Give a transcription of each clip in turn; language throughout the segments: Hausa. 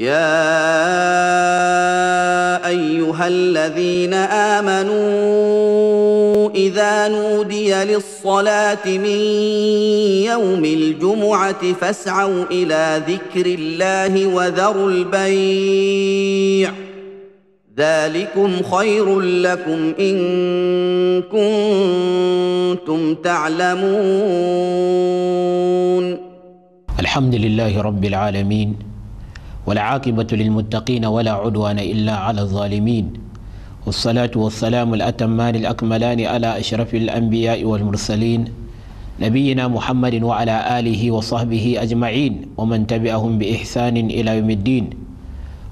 يا ايها الذين امنوا اذا نودي للصلاه من يوم الجمعه فاسعوا الى ذكر الله وذروا البيع ذلكم خير لكم ان كنتم تعلمون الحمد لله رب العالمين والعاقبة للمتقين ولا عدوان إلا على الظالمين والصلاة والسلام الأتمان الأكملان على أشرف الأنبياء والمرسلين نبينا محمد وعلى آله وصحبه أجمعين ومن تبعهم بإحسان إلى يوم الدين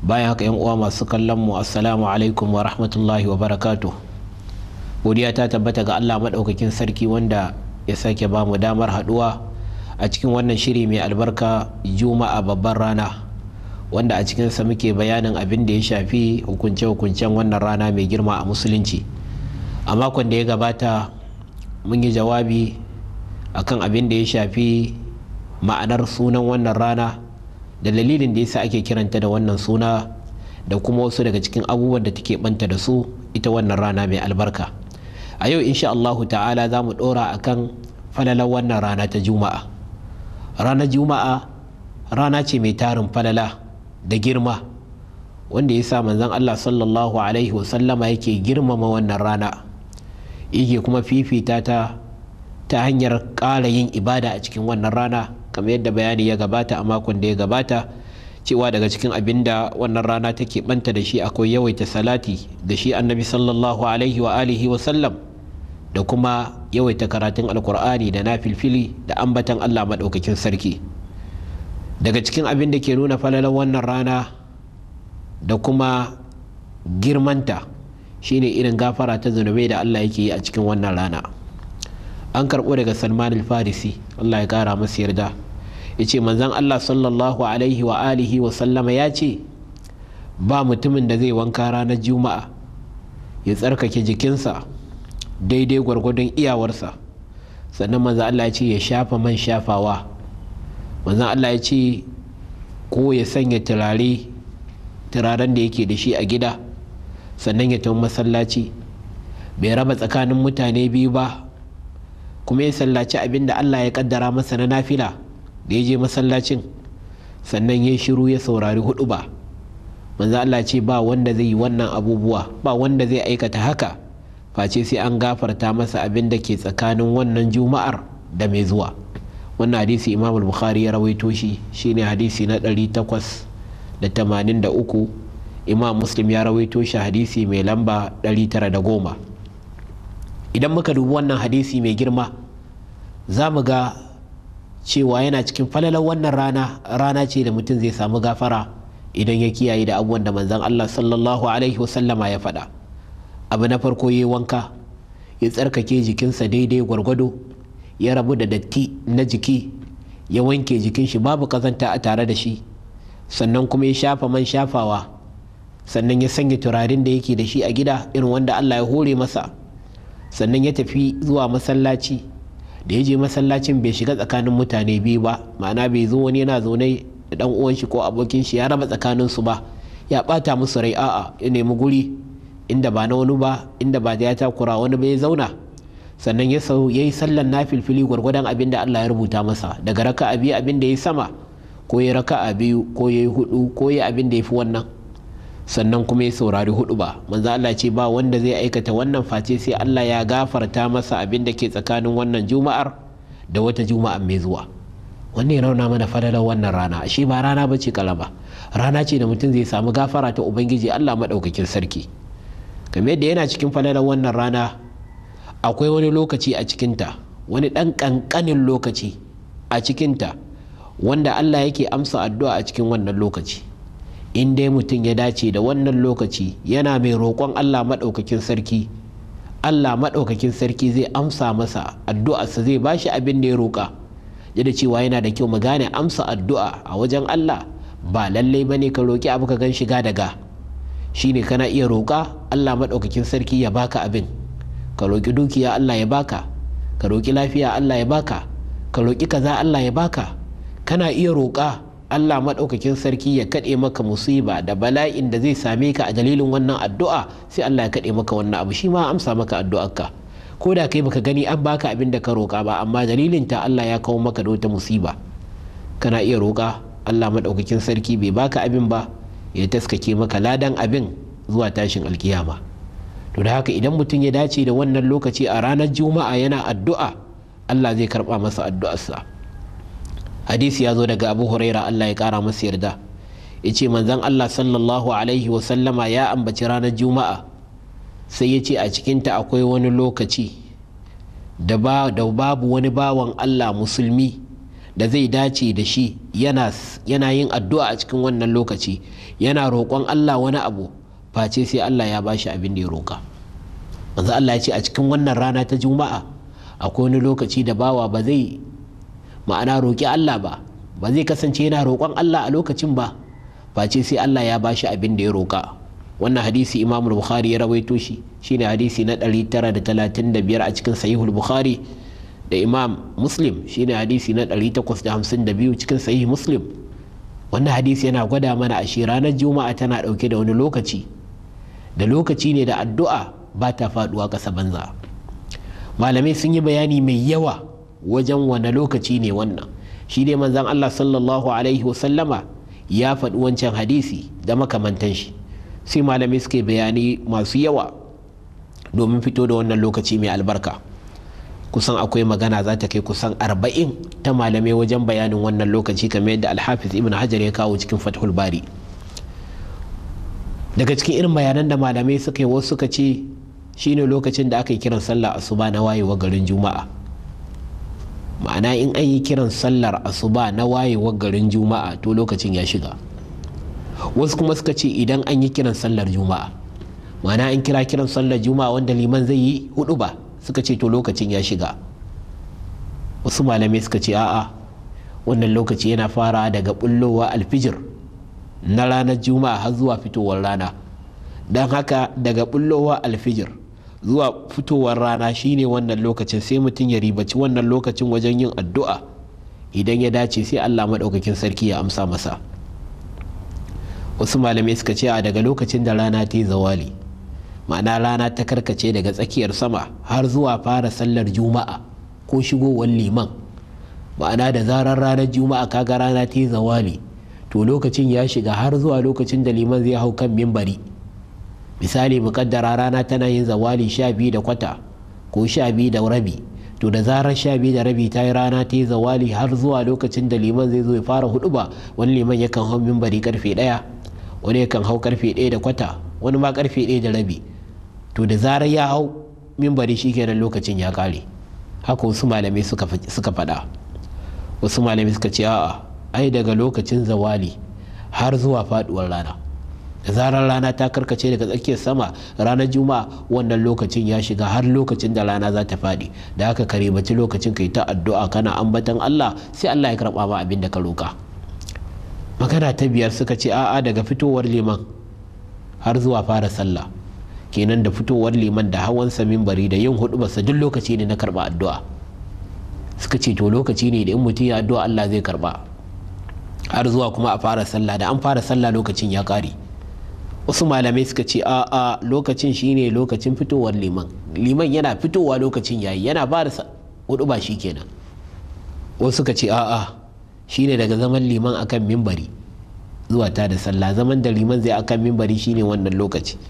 بايعك يا أمة سكلم السلام عليكم ورحمة الله وبركاته godiya ta tabbata ga Allah maɗaukakin sarki wanda ya sake ba mu damar haɗuwa a cikin wannan shiri mai albarka juma'a babbar rana wanda a cikinsa muke bayanin abin da ya shafi hukunce-hukuncen wannan rana mai girma a musulunci a makon da ya gabata mun yi jawabi akan abin da ya shafi ma'anar sunan wannan rana da dalilin da yasa ake kiranta da wannan suna da kuma wasu daga cikin abubuwan da take banta da su ita wannan rana mai albarka a yau insha Allahu ta'ala za mu dora akan falalar wannan rana ta juma'a rana juma'a rana ce mai tarin falala da girma wanda ya sa manzan Allah sallallahu alaihi wasallama yake girmama wannan rana yake kuma fifita ta ta hanyar ƙara yin ibada a cikin wannan rana kamar yadda bayani ya gabata a makon da ya gabata cewa daga cikin abin da wannan rana take banta da shi akwai yawaita salati da shi annabi sallallahu alaihi wa alihi wa sallam da kuma yawaita karatun alkur'ani da na filfili da ambatan allah maɗaukakin sarki daga cikin abin da ke nuna falalar wannan rana da kuma girmanta shine irin gafara ta zunubai da Allah yake yi a cikin wannan rana an karɓo daga salman al-farisi Allah ya kara masa yarda yace ce manzan Allah sallallahu alaihi wa alihi wa sallama ya ce ba mutumin da zai wanka ranar juma'a ya tsarkake jikinsa daidai gwargwadon iyawarsa sannan manzan Allah ya ce ya shafa man shafawa manzan allah ya ce ko ya sanya turare turaren da yake da shi a gida sannan ya tafi masallaci bai raba tsakanin mutane biyu ba kuma ya sallaci abin da allah ya kaddara masa na nafila da ya je masallacin sannan ya shiru ya saurari hudu ba manzo allah ce ba wanda zai yi wannan abubuwa ba wanda zai aikata haka face sai an gafarta masa abin da ke tsakanin wannan juma'ar da mai zuwa wannan hadisi imam al-bukhari ya rawaito shi shine hadisi na ɗari da da tamanin uku imam muslim ya rawaito shi hadisi mai lamba ɗari tara da goma. idan muka dubi wannan hadisi mai girma za mu ga cewa yana cikin falalar wannan rana rana ce da mutum zai samu gafara idan ya kiyaye da abubuwan da manzan Allah sallallahu alaihi wasallama ya faɗa abu na farko ya wanka ya tsarkake jikinsa daidai gwargwado ya rabu da datti na jiki ya wanke jikin shi babu kazanta a tare da shi sannan kuma ya shafa man shafawa sannan ya sanya turarin da yake da shi a gida irin wanda Allah ya hore masa sannan ya tafi zuwa masallaci da ya je masallacin bai shiga tsakanin mutane biyu ba ma'ana bai zo wani yana zaune da dan uwan shi ko abokin shi ya raba tsakanin su ba ya bata musu rai a'a ya nemi guri inda ba na wani ba inda ba ya takura wani ba ya zauna sannan ya yi sallan nafilfili gwargwadon abin da Allah ya rubuta masa daga a biyu abin da ya sama ko ya a biyu ko ya yi hudu ko ya abin da ya fi wannan sannan kuma ya saurari hudu ba manzo Allah ce ba wanda zai aikata wannan face sai Allah ya gafarta masa abin da ke tsakanin wannan juma'ar da wata juma'a mai zuwa wannan ya rauna mana fadalar wannan rana ashe ba rana ba ce kalama rana ce da mutum zai samu gafara ta ubangiji Allah maɗaukakin sarki game da yana cikin fadalar wannan rana akwai wani lokaci a cikinta wani ɗan ƙanƙanin lokaci a cikinta wanda allah yake amsa addu'a a cikin wannan lokaci in dai mutum ya dace da wannan lokaci yana mai roƙon allah maɗaukakin sarki allah maɗaukakin sarki zai amsa masa addu'arsa zai ba shi abin da ya roƙa da cewa yana da kyau mu gane amsa addu'a a wajen allah ba lallai ba ne ka roƙi abu ka gan shiga daga shine kana iya roƙa allah maɗaukakin sarki ya baka abin ka roƙi dukiya Allah ya baka ka roƙi lafiya Allah ya baka ka roƙi kaza Allah ya baka kana iya roƙa Allah maɗaukakin sarki ya kaɗe maka musiba da bala'in da zai same ka a dalilin wannan addu'a sai Allah ya kaɗe maka wannan abu shi ma amsa maka addu'arka ko da kai baka gani an baka abin da ka roƙa ba amma dalilin ta Allah ya kawo maka da wata musiba kana iya roƙa Allah maɗaukakin sarki bai baka abin ba ya taskake maka ladan abin zuwa tashin alkiyama to da haka idan mutum ya dace da wannan lokaci a ranar juma'a yana addu'a Allah zai karba masa addu'arsa hadisi ya zo daga abu huraira Allah ya kara masa yarda ya ce manzan Allah sallallahu alaihi wasallama ya ambaci ranar juma'a sai ya ce a cikinta akwai wani lokaci da babu wani bawan Allah musulmi da zai dace da shi yana yin addu'a a cikin wannan lokaci yana roƙon Allah wani abu face sai Allah ya bashi abin da ya roƙa manzo Allah ya ce a cikin wannan rana ta juma'a akwai wani lokaci da bawa ba zai ma'ana roƙi Allah ba ba zai kasance yana roƙon Allah a lokacin ba face sai Allah ya bashi abin da ya roƙa wannan hadisi Imam Bukhari ya rawaito shi shine hadisi na 935 a cikin Sahihul Bukhari da Imam Muslim shine hadisi na 852 cikin Sahih Muslim wannan hadisi yana gwada mana ashe ranar juma'a tana ɗauke da wani lokaci da lokaci ne da addu'a ba ta faduwa ƙasa banza malamai sun yi bayani mai yawa wajen wane lokaci ne wannan shi ne manzan Allah sallallahu alaihi wasallama ya faɗi wancan hadisi da makamantan shi sai malamai suke bayani masu yawa domin fito da wannan lokaci mai albarka kusan akwai magana za ta kai kusan arba'in ta malamai wajen bayanin wannan lokaci kamar yadda alhafiz ibn hajar ya kawo cikin fathul bari daga cikin irin bayanan da malamai suka yi wasu suka ce shine lokacin da aka yi kiran sallar asuba na wayewa garin juma'a ma'ana in an yi kiran sallar asuba na wayewa garin juma'a to lokacin ya shiga wasu kuma suka ce idan an yi kiran sallar juma'a ma'ana in kira kiran sallar juma'a wanda liman zai yi hudu ba suka ce to lokacin ya shiga wasu malamai suka ce a'a wannan lokaci yana fara daga bullowa alfijir na ranar juma'a har zuwa fitowar rana don haka daga bullowa alfijir zuwa fitowar rana shine wannan lokacin sai mutum ya ribaci wannan lokacin wajen yin addu'a idan ya dace sai allah maɗaukakin sarki ya amsa masa wasu malamai suka ce a daga lokacin da rana ta yi zawali ma'ana rana ta karkace daga tsakiyar sama har zuwa fara sallar juma'a ko shigowar liman ma'ana da zarar ranar juma'a kaga rana ta yi zawali to lokacin ya shiga har zuwa lokacin da liman zai hau kan mimbari misali mukaddara rana tana yin zawali sha biyu da kwata ko sha biyu da rabi to da zarar sha biyu da rabi ta yi rana ta yi zawali har zuwa lokacin da liman zai zo ya fara hudu ba wani liman yakan hau mimbari karfe daya wani yakan hau karfe daya da kwata wani ma karfe daya da rabi to da zarar ya hau mimbari shi shikenan lokacin ya kare haka wasu malamai suka faɗa wasu malamai suka ce a'a ai daga lokacin zawali har zuwa faduwar rana da zarar rana ta karkace daga tsakiyar sama ranar juma'a wannan lokacin ya shiga har lokacin da rana za ta faɗi da haka ka ribaci lokacin ka yi ta addu'a kana ambatan Allah sai Allah ya karɓa ma abin da ka roka magana ta biyar suka ce a'a daga fitowar liman har zuwa fara sallah kenan da fitowar liman da hawan samin bari da yin hudu basa duk lokaci ne na karɓa addu'a suka ce to lokaci ne da in mutum ya addu'a Allah zai karɓa har zuwa kuma a fara sallah da an fara sallah lokacin ya ƙare wasu malamai suka ce a a lokacin shine lokacin fitowar liman liman yana fitowa lokacin yayi yana fara hudu ba kenan wasu suka ce a a shine daga zaman liman akan mimbari zuwa ta da sallah zaman da liman zai akan mimbari shine wannan lokaci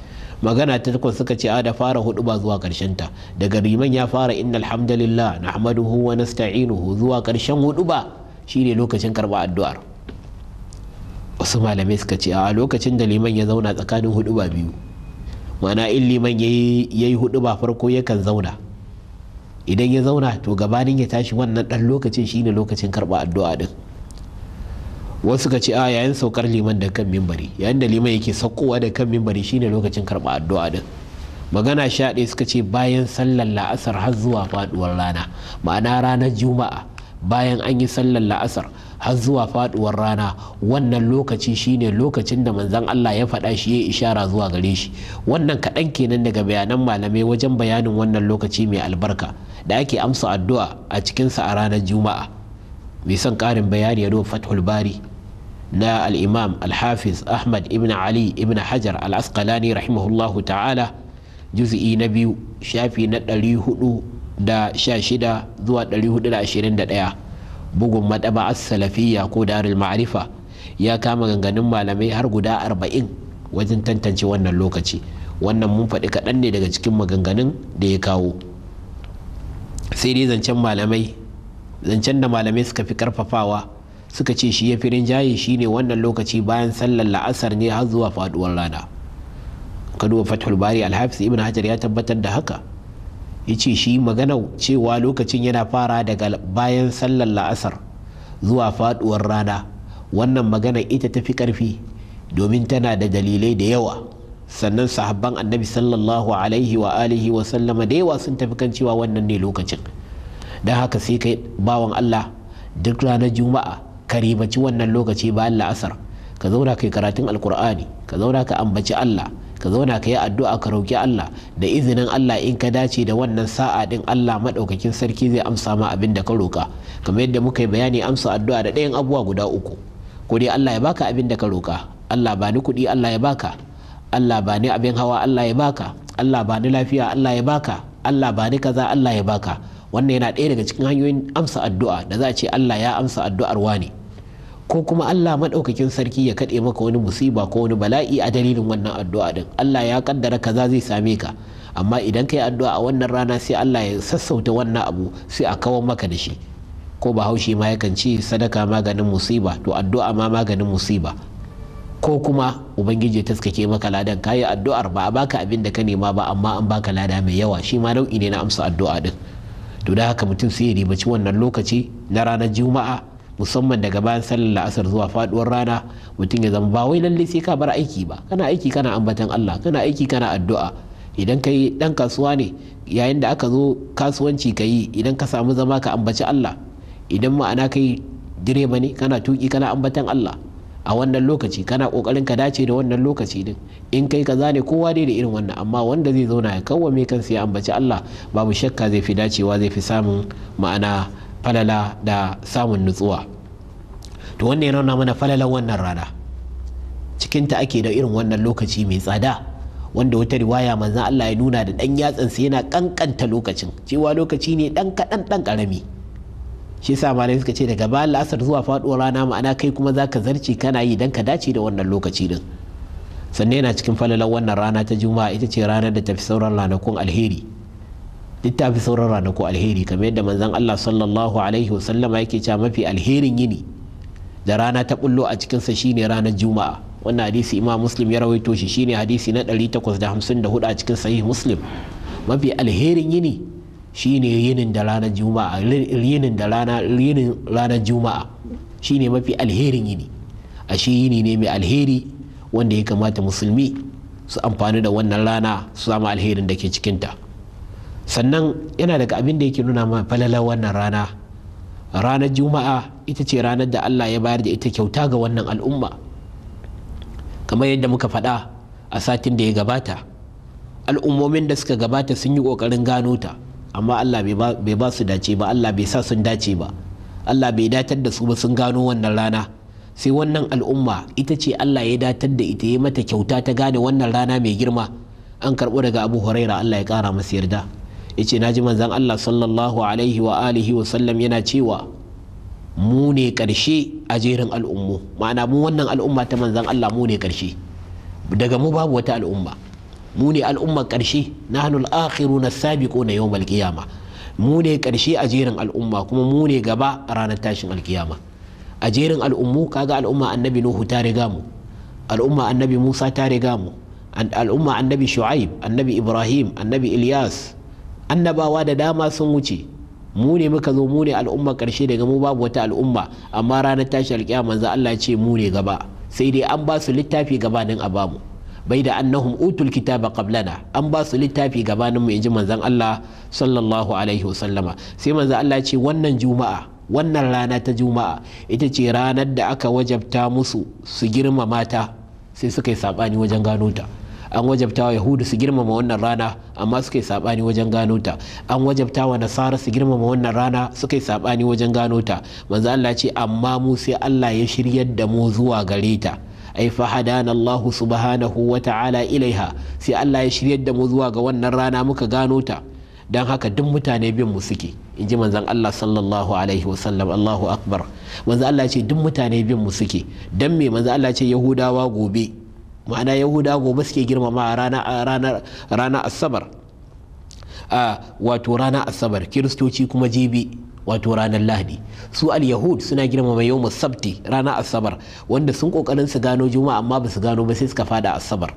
magana ta takwas suka ce a da fara hudu ba zuwa karshen ta daga liman ya fara innal hamdalillah nahmaduhu wa nasta'inuhu zuwa karshen hudu ba shine lokacin karba addu'ar wasu malamai suka ce a lokacin da liman ya zauna tsakanin hudu ba biyu ma'ana in liman ya yi hudu ba farko yakan zauna idan ya zauna to gabanin ya tashi wannan dan lokacin shine lokacin karba addu'a din wasu ka ce a yayin saukar liman da kan mimbari yayin da liman yake saukowa da kan mimbari shine lokacin karba addu'a din magana sha ɗaya suka ce bayan sallar la'asar har zuwa faduwar rana ma'ana ranar juma'a bayan an yi sallar la'asar har zuwa faduwar rana wannan lokaci shine lokacin da manzan Allah ya faɗa shi ya ishara zuwa gare shi wannan kaɗan kenan daga bayanan malamai wajen bayanin wannan lokaci mai albarka da ake amsa addu'a a cikinsa a ranar juma'a mai son ƙarin bayani ya fathul bari na al-imam alhafiz ahmad ibn ali ibn hajar al al-asqalani rahimahullahu ta'ala juz'i na biyu shafi na da 416 zuwa 421 bugun madaba as-salafiyya ko darul ma'arifa ya kama ganganin malamai har guda arba'in wajen tantance wannan lokaci wannan mun faɗi kaɗan ne daga cikin maganganun da ya kawo sai dai zancen malamai zancen da malamai suka fi karfafawa suka ce shi ya fi rinjaye ne wannan lokaci bayan sallar la'asar ne har zuwa faduwar rana kaduwa fathul bari alhafis ibn hajar ya tabbatar da haka ya ce shi magana cewa lokacin yana fara daga bayan sallar la'asar zuwa faduwar rana wannan magana ita tafi karfi domin tana da dalilai da yawa sannan sahabban annabi sallallahu alaihi wa alihi wa sallama da yawa sun tafi kan cewa wannan ne lokacin don haka sai kai bawan Allah duk ranar juma'a ka ribaci wannan lokaci bayan la'asar ka zauna kai karatun alkur'ani ka zauna ka ambaci Allah ka zauna ka yi addu'a ka roƙi Allah da izinin Allah in ka dace da wannan sa'a din Allah maɗaukakin sarki zai amsa ma abin da ka roƙa kamar yadda muka yi bayani amsa addu'a da ɗayan abubuwa guda uku ko dai Allah ya baka abin da ka roƙa Allah ba ni kuɗi Allah ya baka Allah ba ni abin hawa Allah ya baka Allah ba ni lafiya Allah ya baka Allah ba ni kaza Allah ya baka wannan yana ɗaya daga cikin hanyoyin amsa addu'a da za a ce Allah ya amsa addu'ar wani ko kuma Allah maɗaukakin sarki ya kaɗe maka wani musiba ko wani bala'i a dalilin wannan addu'a din Allah ya kaddara kaza zai same ka amma idan ka yi addu'a a wannan rana sai Allah ya sassauta wannan abu sai a kawo maka da shi ko ba haushi ma yakan ce sadaka maganin musiba to addu'a ma maganin musiba ko kuma ubangiji ya taskake maka ladan kayi addu'ar ba a baka abin da ka nema ba amma an baka lada mai yawa shi ma nau'i ne na amsa addu'a din to da haka mutum sai ya ribaci wannan lokaci na ranar juma'a musamman daga bayan sallar la'asar zuwa faduwar rana mutum ya zama ba wai lalle sai ka bar aiki ba kana aiki kana ambatan Allah kana aiki kana addu'a idan kai dan kasuwa ne yayin da aka zo kasuwanci ka yi idan ka samu zama ka ambaci Allah idan ma'ana kai direba ne kana tuki kana ambatan Allah a wannan lokaci kana kokarin ka dace da wannan lokaci din in kai ka zane kowa dai da irin wannan amma wanda zai zauna ya kawwame kansa ya ambaci Allah babu shakka zai fi dacewa zai fi samun ma'ana falala da samun nutsuwa to wanda ya nuna mana falalan wannan rana cikinta ake da irin wannan lokaci mai tsada wanda wata riwaya manzan Allah ya nuna da ɗan yatsansa yana ƙanƙanta lokacin cewa lokaci ne ɗan kaɗan ɗan ƙarami shi sa malai suka ce daga bayan la'asar zuwa faɗuwar rana ma'ana kai kuma za ka zarce kana yi don ka dace da wannan lokaci din sannan yana cikin falalar wannan rana ta juma'a ita ce ranar da ta fi sauran ranakun alheri littafin sauran ranaku alheri kamar yadda manzon Allah sallallahu alaihi wasallama yake cewa mafi alherin yini da rana ta bullo a cikinsa shine ranar juma'a wannan hadisi imam muslim ya rawaito shi shine hadisi na 854 a cikin sahih muslim mafi alherin yini shine yinin da ranar juma'a yinin da rana yinin ranar juma'a shine mafi alherin yini ashe yini ne mai alheri wanda ya kamata musulmi su amfani da wannan rana su samu alherin da ke cikinta sannan yana daga abin da yake nuna ma falala wannan rana ranar juma'a ita ce ranar da allah ya bayar da ita kyauta ga wannan al'umma kamar yadda muka faɗa a satin da ya gabata al'ummomin da suka gabata sun yi kokarin gano ta amma allah bai ba su dace ba allah bai sa sun dace ba allah bai datar da su ba sun gano wannan rana sai wannan al'umma ita ce allah ya datar da ita ya mata kyauta ta gane wannan rana mai girma an karɓo daga abu huraira allah ya kara masu yarda yace ji manzon Allah sallallahu alaihi wa alihi wa sallam yana cewa mu ne karshe a jerin al'ummu ma'ana mu wannan al'umma ta manzan Allah mu ne karshe daga mu babu wata al'umma mu ne al'umma karshe nahnu al-akhiruna as-sabiquna yawm al-qiyamah mu ne karshe a jerin al'umma kuma mu ne gaba a ranar tashin alkiyama a jerin al'ummu kaga al'umma annabi nuhu ta riga mu al'umma annabi musa ta riga mu al'umma annabi shu'aib annabi ibrahim annabi ilyas annabawa da dama sun wuce mu ne muka zo mu ne al'umma karshe daga mu babu wata al'umma amma ranar tashi alƙiyama manzo Allah ce mu ne gaba sai dai an ba su littafi gabanin a bamu bai da annahum utul kitaba qablana an ba su littafi gabanin mu inji manzon Allah sallallahu alaihi wasallama sai manzon Allah ce wannan juma'a wannan rana ta juma'a ita ce ranar da aka wajabta musu su girmama mata sai suka yi sabani wajen gano ta an wajabta wa yahudu su girmama wannan rana amma suka yi sabani wajen gano ta an wajabta wa nasara su girmama wannan rana suka yi sabani wajen gano ta manzo Allah ce amma mu sai Allah ya shiryar da mu zuwa gare ta ai fahadana Allah subhanahu wa ta'ala ilaiha sai Allah ya shiryar da mu zuwa ga wannan rana muka gano ta dan haka duk mutane bin mu suke in ji manzon Allah sallallahu alaihi wa sallam, Allahu akbar manzan Allah ce duk mutane bin mu suke dan me manzan Allah ce Yahudawa gobe ma'ana yahuda gobe suke girmama rana asabar wato ranar asabar kiristoci kuma jibi wato ranar lahadi su al-yahud suna girmama yau sabti rana asabar wanda sun kokarin su gano juma'a amma ba su gano ba sai suka fada asabar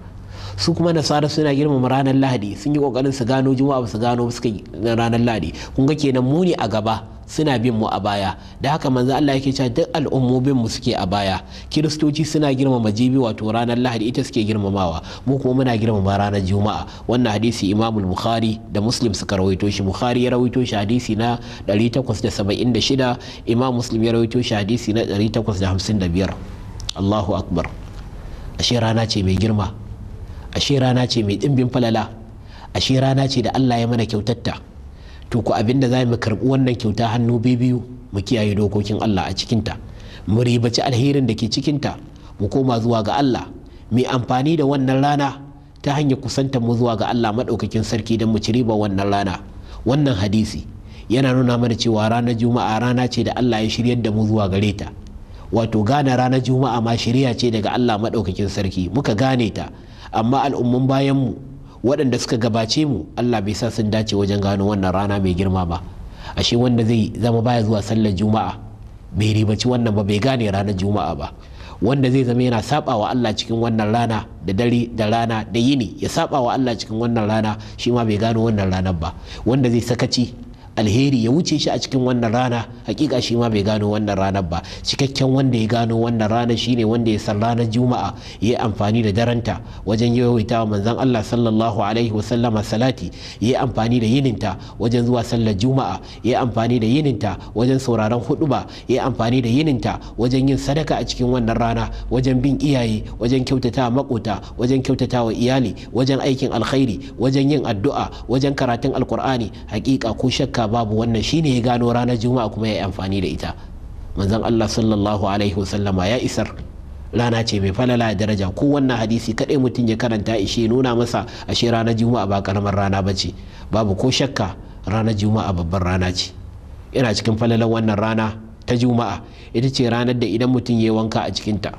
su kuma nasara suna girmama ranar lahadi sun yi kokarin su gano juma'a ba su gano ba suka ranar lahadi kun ga kenan muni a gaba suna bin mu a baya da haka manzo Allah yake cewa duk bin mu suke a baya kiristoci suna girmama jibi wato ranar lahadi ita suke girmamawa mu kuma muna girmama ranar juma'a wannan hadisi Imam Bukhari da Muslim suka rawaito shi Bukhari ya rawaito shi hadisi na 876 Imam Muslim ya rawaito shi hadisi na 855 Allahu akbar ashe rana ce mai girma ashe rana ce mai dimbin falala ashe rana ce da Allah ya mana kyautatta to ku abinda za mu karɓi wannan kyauta hannu biyu mu kiyaye dokokin Allah a cikinta mu ribaci alherin da ke cikinta mu koma zuwa ga Allah mai amfani da wannan rana ta hanyar kusanta mu zuwa ga Allah madaukakin sarki don mu ci riba wannan rana wannan hadisi yana nuna mana cewa ranar juma'a rana ce da Allah ya shiryar da mu zuwa gare ta wato gane ranar juma'a ma shirya ce daga Allah madaukakin sarki muka gane ta amma al'umman bayan mu waɗanda suka gabace mu Allah bai sa sun dace wajen gano wannan rana mai girma ba ashe wanda zai zama baya zuwa sallar juma'a bai ribaci wannan ba bai gane ranar juma'a ba wanda zai zama yana saba wa Allah cikin wannan rana da dare da rana da yini ya saba wa Allah cikin wannan rana shi ma bai gano wannan ranar ba wanda zai sakaci alheri ya wuce shi a cikin wannan rana hakika shi ma bai gano wannan ranar ba cikakken wanda ya gano wannan rana shine wanda ya san ranar juma'a ya amfani da daranta wajen yawaita wa manzon Allah sallallahu alaihi wasallama salati ya amfani da yininta wajen zuwa sallar juma'a ya amfani da yininta wajen sauraron huduba ya amfani da yininta wajen yin sadaka a cikin wannan rana wajen bin iyaye wajen kyautata makota wajen kyautata wa iyali wajen aikin alkhairi wajen yin addu'a wajen karatun alkur'ani hakika ko shakka babu wannan shine ya gano ranar juma'a kuma ya yi amfani da ita manzon Allah sallallahu alaihi wasallama ya isar rana ce mai falala daraja ko wannan hadisi kadai mutum ya karanta ishe nuna masa ashe ranar juma'a ba karamar rana ba ce babu ko shakka ranar juma'a babban rana ce yana cikin falalar wannan rana ta juma'a ita ce ranar da idan mutum ya yi wanka a cikin ta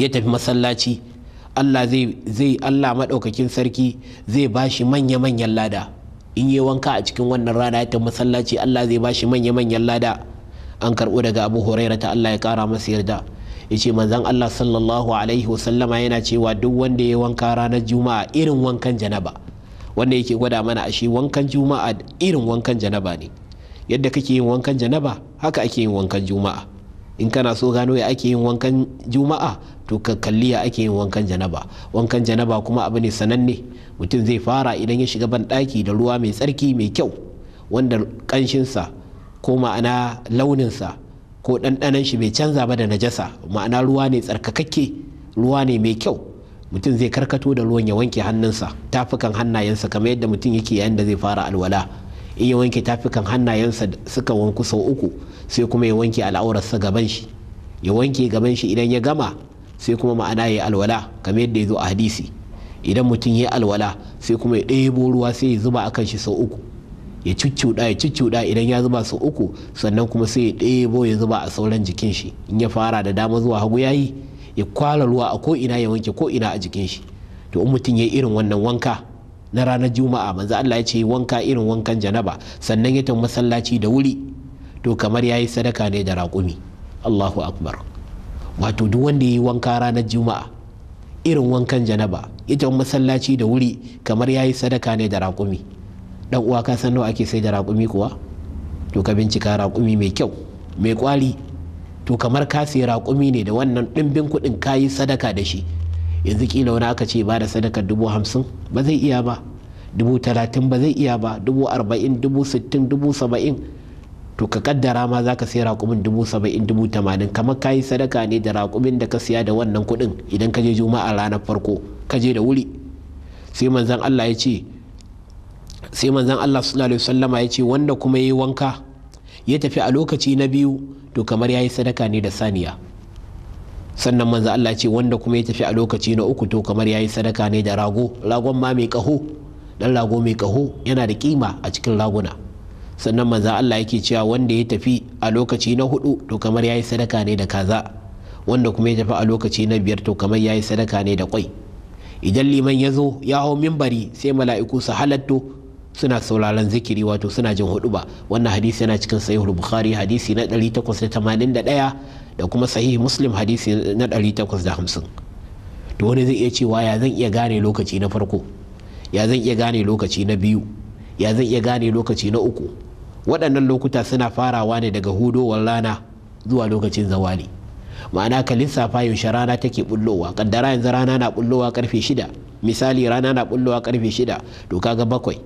ya tafi masallaci allah zai allah maɗaukakin sarki zai bashi manya-manyan lada in yi wanka a cikin wannan rana ya masallaci Allah zai bashi manya-manyan lada an karɓo daga abu horaira ta Allah ya kara masa yarda ya ce manzan Allah sallallahu alaihi wasallama yana cewa duk wanda ya wanka ranar juma'a irin wankan janaba wanda yake gwada mana a shi wankan juma'a irin wankan janaba ne yadda kake yin wankan janaba haka ake yin wankan juma'a in kana so gano ya ake yin wankan juma'a to ka kalli ya ake yin wankan janaba wankan janaba kuma abu ne sananne mutum zai fara idan ya shiga banɗaki da ruwa mai tsarki mai kyau wanda ƙanshinsa ko ma'ana launinsa ko ɗanɗanon shi bai canza ba da najasa ma'ana ruwa ne tsarkakakke ruwa ne mai kyau mutum zai karkato da ruwan ya wanke hannunsa tafukan hannayensa kamar yadda mutum yake yayin da zai fara alwala in ya wanke tafukan hannayensa suka wanku sau uku sai kuma ya wanke al'aurarsa gaban shi ya wanke gaban shi idan ya gama sai kuma ma'ana ya yi alwala kamar yadda ya zo a hadisi idan mutum ya yi alwala sai kuma ya ɗebo ruwa sai ya zuba akan shi sau uku ya cuccuɗa ya cuccuɗa idan ya zuba sau uku sannan kuma sai ya ɗebo ya zuba a sauran jikin shi in ya fara da dama zuwa hagu yayi ya kwala ruwa a ko ina ya wanke ko ina a jikin shi to in mutum ya irin wannan wanka na ranar juma'a manzo Allah ya ce wanka irin wankan janaba sannan ya tafi masallaci da wuri to kamar ya yi sadaka ne da raƙumi allahu akbar wato duk wanda yi wanka ranar juma'a irin wankan janaba ita masallaci da wuri kamar ya yi sadaka ne da raƙumi dan uwa ka san nawa ake sai da raƙumi kuwa to ka bincika raƙumi mai kyau mai kwali to kamar ka sai raƙumi ne da wannan ɗimbin kuɗin ka yi sadaka da shi yanzu kila wani aka ce ba da sadaka dubu hamsin ba zai iya ba dubu talatin ba zai iya ba dubu arba'in dubu sittin dubu saba'in to ka kaddara ma ka sai raƙumin dubu saba'in dubu tamanin kamar ka yi sadaka ne da raƙumin da ka siya da wannan kuɗin idan ka je juma'a ranar farko ka je da wuri sai manzan Allah ya ce sai manzan Allah sallallahu alaihi sallama ya ce wanda kuma ya yi wanka ya tafi a lokaci na biyu to kamar ya yi sadaka ne da saniya sannan manzan Allah ce wanda kuma ya tafi a lokaci na uku to kamar ya yi sadaka ne da rago ragon ma mai kaho dan rago mai kaho yana da kima a cikin raguna sannan manzan Allah yake cewa wanda ya tafi a lokaci na hudu to kamar ya yi sadaka ne da kaza wanda kuma ya tafi a lokaci na biyar to kamar ya yi sadaka ne da kwai idan liman ya zo ya hau mimbari sai mala'iku su halatto suna sauraron zikiri wato suna jin hudu ba wannan hadisi yana cikin sahihul bukhari hadisi na 881 da kuma sahih muslim hadisi na 850 to wani zai iya cewa ya zan iya gane lokaci na farko ya zan iya gane lokaci na biyu ya zan iya gane lokaci na uku waɗannan lokuta suna farawa ne daga hudowar rana zuwa lokacin zawali ma'ana ka lissafa yaushe rana take bullowa kaddara yanzu rana na bullowa karfe shida misali rana na bullowa karfe shida to kaga bakwai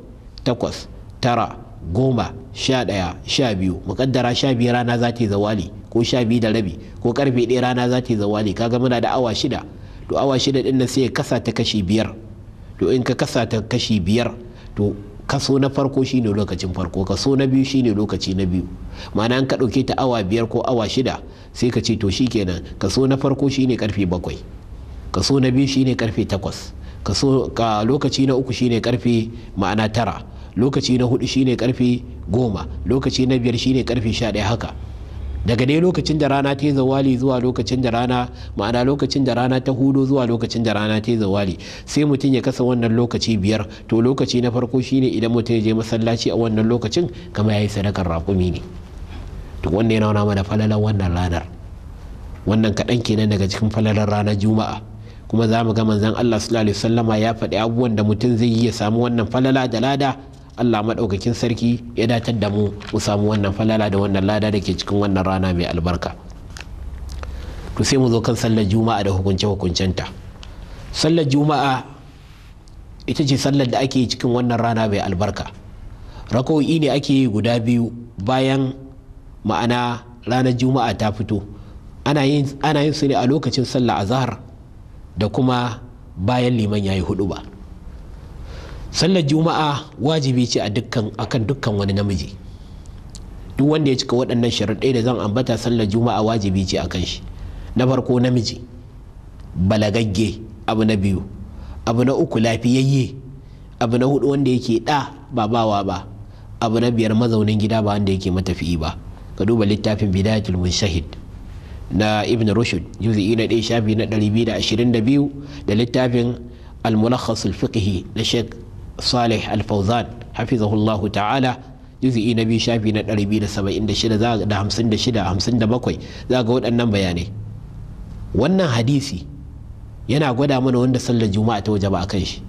takwas tara goma sha ɗaya sha biyu mukaddara sha biyu rana za ta yi zawali ko sha biyu da rabi ko karfe ɗaya rana za ta yi zawali kaga muna da awa shida to awa shida ɗin nan sai ya kasa ta kashi biyar to in ka kasa ta kashi biyar to kaso na farko shine lokacin farko kaso na biyu shine lokaci na biyu ma'ana an ka ɗauke ta awa biyar ko awa shida sai ka ce to shi kenan kaso na farko shine karfe bakwai kaso na biyu shine karfe takwas kaso ka lokaci na uku shine karfe ma'ana tara lokaci na hudu shine karfe goma lokaci na biyar shine karfe sha ɗaya haka daga dai lokacin da rana ta yi zawali zuwa lokacin da rana ma'ana lokacin da rana ta hudu zuwa lokacin da rana ta yi zawali sai mutum ya kasa wannan lokaci biyar to lokaci na farko shine idan mutum ya je masallaci a wannan lokacin kama ya yi sadakar rakumi ne to wannan yana nuna mana falalar wannan ranar wannan kaɗan kenan daga cikin falalar ranar juma'a kuma za mu ga manzon Allah sallallahu alaihi wasallama ya faɗi abubuwan da mutum zai yi ya samu wannan falala da lada Allah maɗaukakin sarki ya dacar da mu mu samu wannan falala da wannan lada da ke cikin wannan rana mai albarka to sai mu zo kan sallar juma'a da hukunce hukuncenta sallar juma'a ita ce sallar da ake cikin wannan rana mai albarka rako'i ne ake yi guda biyu bayan ma'ana ranar juma'a ta fito ana yin su ne a lokacin sallar azahar da kuma bayan liman ya yi hudu ba sallar juma'a wajibi ce a dukkan akan dukkan wani namiji duk wanda ya cika waɗannan sharaɗai da zan ambata sallar juma'a wajibi ce akan shi na farko namiji balagagge abu na biyu abu na uku lafiyayye abu na hudu wanda yake ɗa ba bawa ba abu na biyar mazaunin gida ba wanda yake matafiyi ba ka duba littafin bidayatul munshahid na ibn rushd juz'i na ɗaya shafi na biyu da littafin al-mulakhas al-fiqhi na sheikh salih al-fawzan hafizahullahu ta'ala juz'i na biyu shafi na 276 da 56 57 za ga waɗannan bayanai wannan hadisi yana gwada mana wanda sallar juma'a ta wajaba akan shi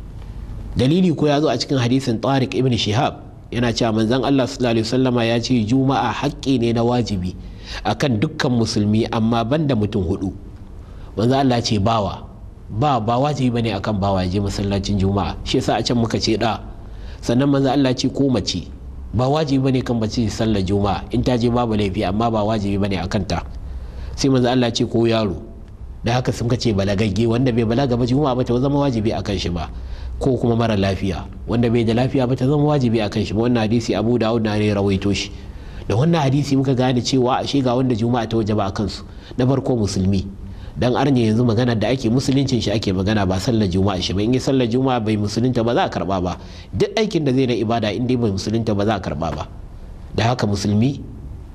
dalili ko ya zo a cikin hadisin tariq ibn shihab yana cewa manzon Allah sallallahu alaihi wasallama ya ce juma'a haƙƙi ne na wajibi akan dukkan musulmi amma banda mutum hudu manzon Allah ce bawa ba ba wajibi bane akan ba waje masallacin juma'a shi yasa a can muka ce da sannan manzo Allah ce ko mace ba wajibi bane kan mace sallar juma'a in ta je babu laifi amma ba wajibi bane akan ta sai manzo Allah ce ko yaro da haka sun ce balagagge wanda bai balaga ba juma'a ba ta zama wajibi akan shi ba ko kuma mara lafiya wanda bai da lafiya ba ta zama wajibi akan shi ba wannan hadisi Abu Dawud na ne rawaito shi da wannan hadisi muka gane cewa ashe ga wanda juma'a ta wajaba akan su na farko musulmi dan arne yanzu magana da ake musuluncin shi ake magana ba sallar juma'a shi ba in yi sallar juma'a bai musulunta ba za a karba ba duk aikin da zai na ibada in dai bai musulunta ba za a karba ba da haka musulmi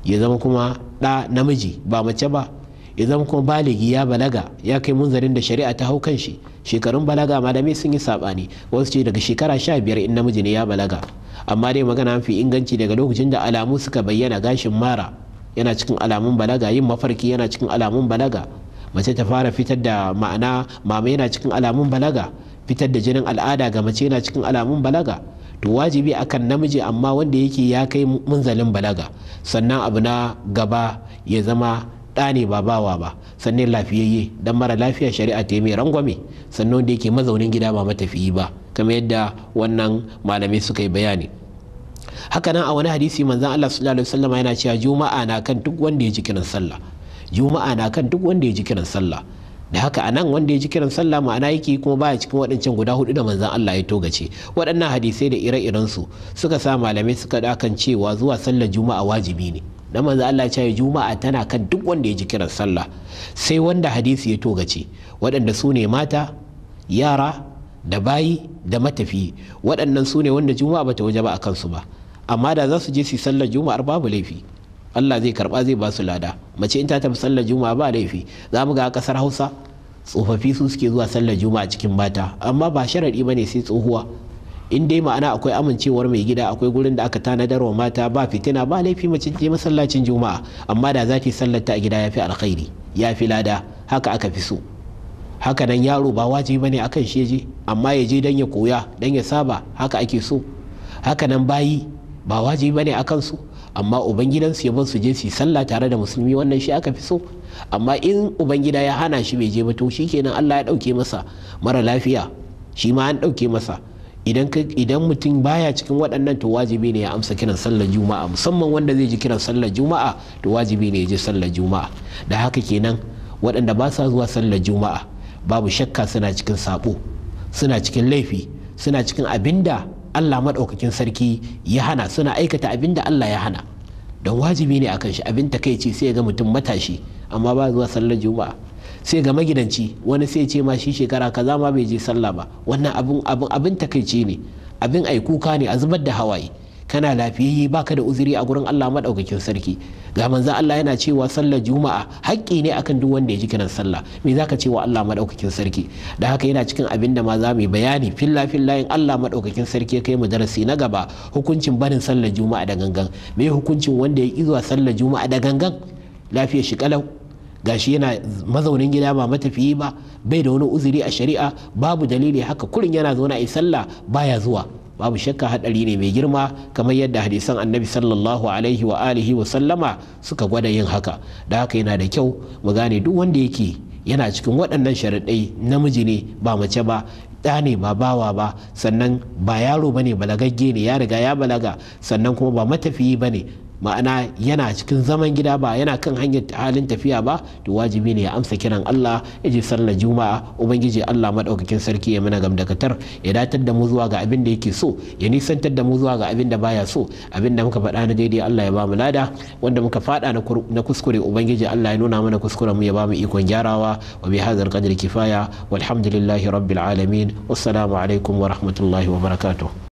ya zama kuma ɗa namiji ba mace ba ya zama kuma baligi ya balaga ya kai munzarin da shari'a ta hau kan shi shekarun balaga malamai sun yi saɓani wasu ce daga shekara sha biyar in namiji ne ya balaga amma dai magana fi inganci daga lokacin da alamu suka bayyana gashin mara yana cikin alamun balaga yin mafarki yana cikin alamun balaga mace ta fara fitar da ma'ana mama yana cikin alamun balaga fitar da jinin al'ada ga mace yana cikin alamun balaga to wajibi akan namiji amma wanda yake ya kai munzalin balaga sannan abu na gaba ya zama ɗa ne ba bawa ba sannan lafiyayye dan mara lafiya shari'a ta mai rangwame sannan wanda yake mazaunin gida ba matafiyi ba kamar yadda wannan malamai suka yi bayani hakanan a wani hadisi manzan Allah sallallahu alaihi wasallam yana cewa juma'a na kan duk wanda ya ji kiran sallah juma'a na kan duk wanda ya ji kiran sallah da haka a nan wanda ya ji kiran sallah ma'ana yake kuma baya cikin waɗancan guda hudu da manzan Allah ya togace waɗannan hadisai da ire-iren su suka sa malamai suka dakan cewa zuwa sallar juma'a wajibi ne dan manzan Allah ya juma'a tana kan duk wanda ya ji kiran sallah sai wanda hadisi ya togace waɗanda su ne mata yara da bayi da matafi waɗannan su ne wanda juma'a bata waje ba a kansu ba amma da za su je su sallar juma'ar babu laifi Allah zai karba zai ba su lada mace in ta tafi sallar juma'a ba laifi za mu ga kasar Hausa tsofaffi su suke zuwa sallar juma'a cikin mata amma ba sharadi bane sai tsohuwa in dai ma'ana akwai amincewar mai gida akwai gurin da aka tanadar wa mata ba fitina ba laifi mace je masallacin juma'a amma da zata sallar ta a gida yafi alkhairi yafi lada haka aka fi so haka nan yaro ba wajibi bane akan shi je amma ya je dan ya koya dan ya saba haka ake so haka nan bayi ba wajibi bane akan su amma ubangidansu ya bar su je su sallah tare da musulmi wannan shi aka fi so amma in ubangida ya hana shi bai je ba to kenan Allah ya dauke masa mara lafiya shi ma an dauke masa idan idan mutum baya cikin waɗannan to wajibi ne ya amsa kiran sallar juma'a musamman wanda zai ji kiran sallar juma'a to wajibi ne ya je sallar juma'a da haka kenan waɗanda ba sa zuwa sallar juma'a babu shakka suna cikin sabo suna cikin laifi suna cikin abinda Allah maɗaukakin sarki ya hana suna aikata abin da Allah ya hana don wajibi ne akan shi abin takaici sai ga mutum matashi amma ba zuwa sallar juma'a sai ga magidanci wani sai ce ma shi shekara kaza ma bai je sallah ba wannan abin abin abin takaici ne abin ai kuka ne a zubar da hawaye kana lafiyayye baka da uzuri a gurin Allah madaukakin sarki ga manzo Allah yana cewa sallar juma'a haƙƙi ne akan duk wanda ya ji kiran sallah me zaka ce wa Allah madaukakin sarki da haka yana cikin abin da ma za mu bayani filla filla in Allah madaukakin sarki ya kai mu darasi na gaba hukuncin barin sallar juma'a da gangan me hukuncin wanda ya zuwa sallar juma'a da gangan lafiyar shi kalau gashi yana mazaunin gida ba matafiyi ba bai da wani uzuri a shari'a babu dalili haka kurin yana zaune a yi sallah baya zuwa babu shakka hadari ne mai girma kamar yadda hadisan annabi sallallahu alaihi wa alihi wa sallama suka gwada yin haka da haka yana da kyau mu gane duk wanda yake yana cikin waɗannan sharaɗai namiji ne ba mace ba ɗa ne ba bawa ba sannan ba yaro ba ne balagagge ne ya riga ya balaga sannan kuma ba matafiyi ba ne ma'ana yana cikin zaman gida ba yana kan hanyar halin tafiya ba to wajibi ne ya amsa kiran Allah ya ji sallar juma'a ubangiji Allah madaukakin sarki ya mana gamdakatar ya datar da mu zuwa ga abin da yake so ya nisantar da mu zuwa ga abin da baya so abin da muka faɗa na daidai Allah ya ba mu lada wanda muka faɗa na kuskure ubangiji Allah ya nuna mana kuskuren mu ya ba mu ikon gyarawa wa bi hadzal qadri kifaya walhamdulillahi rabbil alamin wassalamu alaikum wa rahmatullahi wa barakatuh